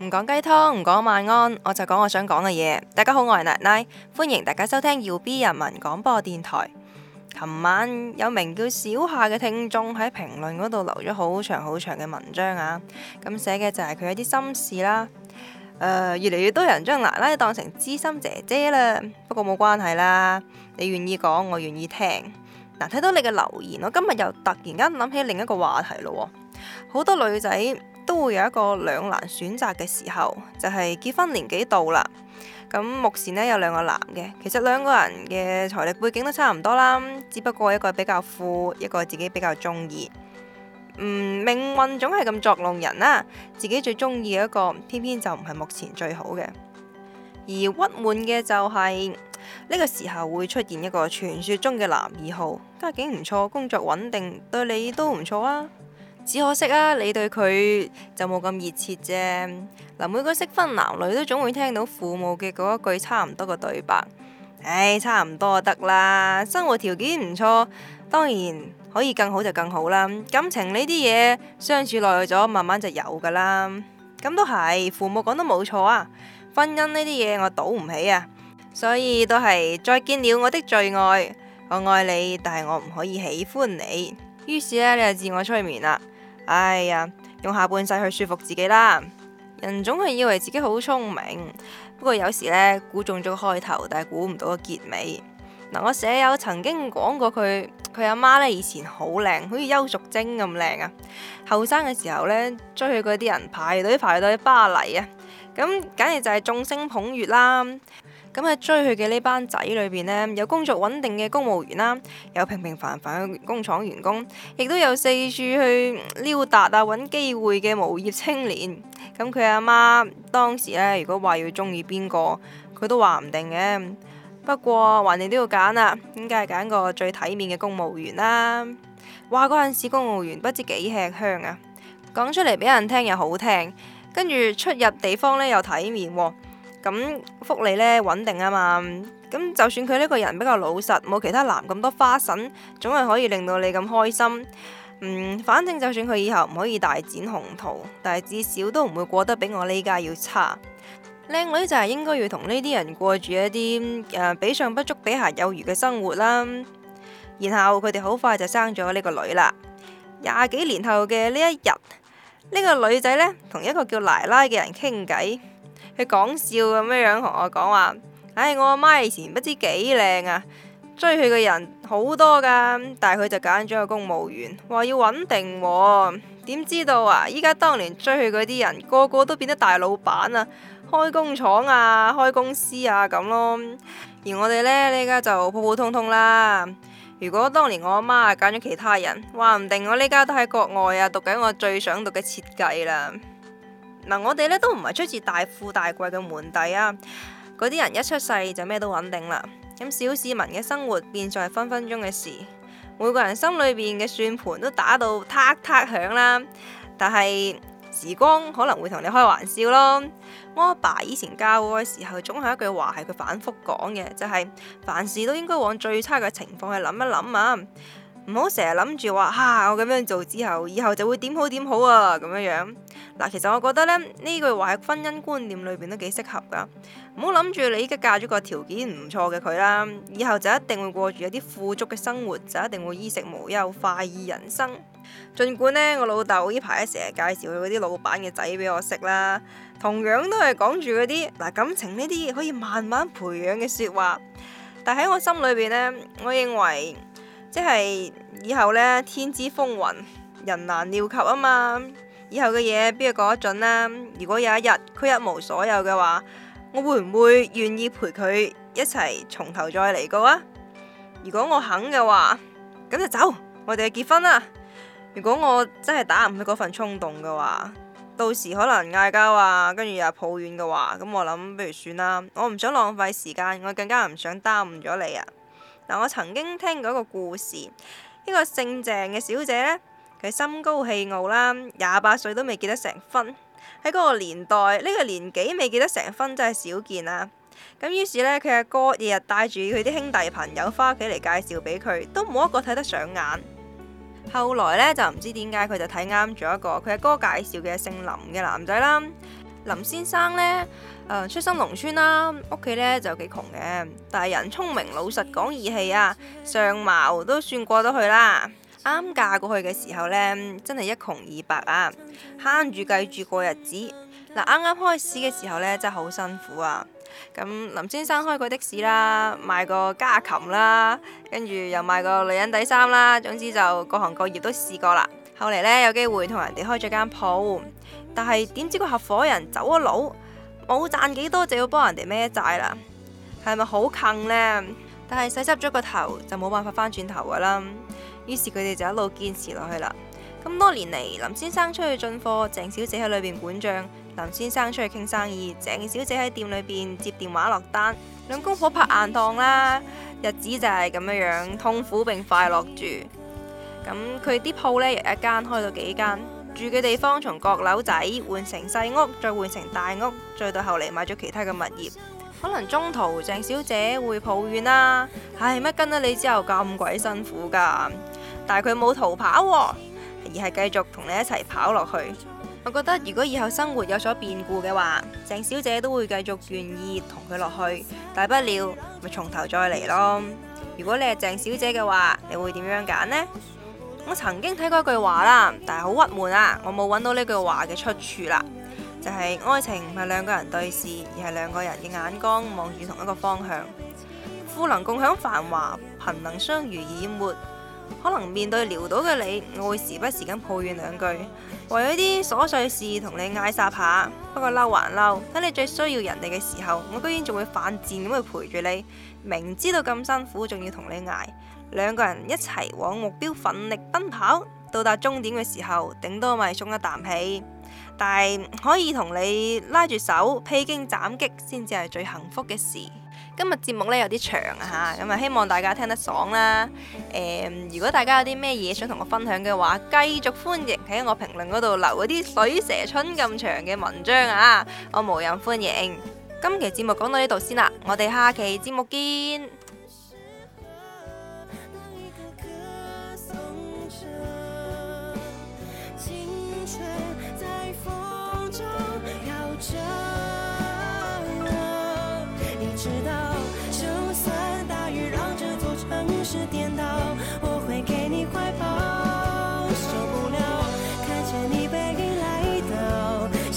唔講雞湯，唔講晚安，我就講我想講嘅嘢。大家好，我係奶奶，歡迎大家收聽 YB 人民廣播電台。琴晚有名叫小夏嘅聽眾喺評論嗰度留咗好長好長嘅文章啊，咁寫嘅就係佢一啲心事啦。誒、呃，越嚟越多人將奶奶當成知心姐姐啦，不過冇關係啦，你願意講，我願意聽。嗱、啊，睇到你嘅留言，我今日又突然間諗起另一個話題咯。好多女仔。都會有一個兩難選擇嘅時候，就係結婚年紀到啦。咁目前呢，有兩個男嘅，其實兩個人嘅財力背景都差唔多啦，只不過一個比較富，一個自己比較中意。嗯，命運總係咁作弄人啦，自己最中意嘅一個，偏偏就唔係目前最好嘅。而鬱悶嘅就係，呢個時候會出現一個傳說中嘅男二號，家境唔錯，工作穩定，對你都唔錯啊。只可惜啊，你對佢就冇咁熱切啫。嗱，每個適婚男女都總會聽到父母嘅嗰一句差唔多嘅對白：唉，差唔多就得啦。生活條件唔錯，當然可以更好就更好啦。感情呢啲嘢相處耐咗，慢慢就有噶啦。咁都係，父母講得冇錯啊。婚姻呢啲嘢我賭唔起啊，所以都係再見了，我的最愛。我愛你，但係我唔可以喜歡你。於是呢，你就自我催眠啦。哎呀，用下半世去說服自己啦！人總係以為自己好聰明，不過有時呢，估中咗開頭，但係估唔到個結尾。嗱，我舍友曾經講過佢佢阿媽呢以前好靚，好似邱淑貞咁靚啊！後生嘅時候呢，追佢嗰啲人排隊排到去巴黎啊！咁簡直就係眾星捧月啦～咁喺追佢嘅呢班仔裏邊呢，有工作穩定嘅公務員啦，有平平凡凡嘅工廠員工，亦都有四處去溜達啊，揾機會嘅無業青年。咁佢阿媽當時呢，如果話要中意邊個，佢都話唔定嘅。不過橫掂都要揀啦，點解揀個最體面嘅公務員啦？哇！嗰陣時公務員不知幾吃香啊！講出嚟俾人聽又好聽，跟住出入地方呢又體面喎。咁福利呢，穩定啊嘛，咁就算佢呢個人比較老實，冇其他男咁多花臣，總係可以令到你咁開心。嗯，反正就算佢以後唔可以大展宏圖，但係至少都唔會過得比我呢家要差。靚女就係應該要同呢啲人過住一啲誒、呃、比上不足比下有餘嘅生活啦。然後佢哋好快就生咗呢個女啦。廿幾年後嘅呢一日，呢、呢個女仔呢，同一個叫奶奶嘅人傾偈。佢講笑咁樣樣同我講話，唉、哎，我阿媽以前不知幾靚啊，追佢嘅人好多噶，但係佢就揀咗個公務員，話要穩定喎、啊。點知道啊？依家當年追佢嗰啲人，個個都變得大老闆啊，開工廠啊，開公司啊咁咯。而我哋呢，呢家就普普通通啦。如果當年我阿媽啊揀咗其他人，話唔定我呢家都喺國外啊讀緊我最想讀嘅設計啦。嗱、嗯，我哋呢都唔係出自大富大貴嘅門第啊！嗰啲人一出世就咩都穩定啦，咁小市民嘅生活變咗係分分鐘嘅事，每個人心裏邊嘅算盤都打到嗒嗒響啦。但係時光可能會同你開玩笑咯。我阿爸以前教我嘅時候，總係一句話係佢反復講嘅，就係、是、凡事都應該往最差嘅情況去諗一諗啊。唔好成日諗住話吓，我咁樣做之後，以後就會點好點好啊咁樣樣。嗱，其實我覺得咧，呢句話喺婚姻觀念裏邊都幾適合噶。唔好諗住你依家嫁咗個條件唔錯嘅佢啦，以後就一定會過住一啲富足嘅生活，就一定會衣食無憂，快意人生。盡管呢，我老豆呢排成日介紹佢嗰啲老闆嘅仔俾我識啦，同樣都係講住嗰啲，嗱，感情呢啲可以慢慢培養嘅說話，但喺我心裏邊呢，我認為。即係以後呢，天之風雲，人難料及啊嘛！以後嘅嘢邊度講得準呢？如果有一日佢一無所有嘅話，我會唔會願意陪佢一齊從頭再嚟過啊？如果我肯嘅話，咁就走，我哋結婚啦！如果我真係打唔起嗰份衝動嘅話，到時可能嗌交啊，跟住又抱怨嘅話，咁我諗不如算啦，我唔想浪費時間，我更加唔想耽誤咗你啊！嗱，我曾經聽過一個故事，呢個姓鄭嘅小姐呢，佢心高氣傲啦，廿八歲都未結得成婚。喺嗰個年代，呢個年紀未結得成婚真係少見啊。咁於是呢，佢阿哥日日帶住佢啲兄弟朋友返屋企嚟介紹俾佢，都冇一個睇得上眼。後來呢，就唔知點解佢就睇啱咗一個佢阿哥介紹嘅姓林嘅男仔啦。林先生呢，誒、呃、出生農村啦、啊，屋企呢就幾窮嘅，但係人聰明、老實、講義氣啊，相貌都算過得去啦。啱嫁過去嘅時候呢，真係一窮二白啊，慳住計住過日子。嗱，啱啱開始嘅時候呢，真係好辛苦啊。咁林先生開過的士啦，賣過家禽啦，跟住又賣過女人底衫啦，總之就各行各業都試過啦。後嚟呢，有機會同人哋開咗間鋪，但係點知個合伙人走咗佬，冇賺幾多就要幫人哋孭債啦，係咪好坑呢？但係洗濕咗個頭就冇辦法返轉頭噶啦，於是佢哋就一路堅持落去啦。咁多年嚟，林先生出去進貨，鄭小姐喺裏邊管賬；林先生出去傾生意，鄭小姐喺店裏邊接電話落單。兩公婆拍硬檔啦，日子就係咁樣樣，痛苦並快樂住。咁佢啲鋪呢，由一間開到幾間，住嘅地方從閣樓仔換成細屋，再換成大屋，再到後嚟，買咗其他嘅物業。可能中途鄭小姐會抱怨啦、啊，唉，乜跟咗你之後咁鬼辛苦噶？但係佢冇逃跑、啊，而係繼續同你一齊跑落去。我覺得如果以後生活有所變故嘅話，鄭小姐都會繼續願意同佢落去，大不了咪從頭再嚟咯。如果你係鄭小姐嘅話，你會點樣揀呢？我曾經睇過一句話啦，但係好鬱悶啊！我冇揾到呢句話嘅出處啦，就係愛情唔係兩個人對視，而係兩個人嘅眼光望住同一個方向。富能共享繁華，貧能相濡以沫。可能面對潦倒嘅你，我會時不時咁抱怨兩句，為咗啲瑣碎事同你嗌殺下。不過嬲還嬲，喺你最需要人哋嘅時候，我居然仲會犯賤咁去陪住你，明知道咁辛苦，仲要同你捱。兩個人一齊往目標奮力奔跑，到達終點嘅時候，頂多咪鬆一啖氣，但係可以同你拉住手披荊斬棘，先至係最幸福嘅事。今日節目咧有啲長吓，咁啊希望大家聽得爽啦。呃，如果大家有啲咩嘢想同我分享嘅話，繼續歡迎喺我評論嗰度留嗰啲水蛇春咁長嘅文章啊，我無任歡迎。今期節目講到呢度先啦，我哋下期節目見。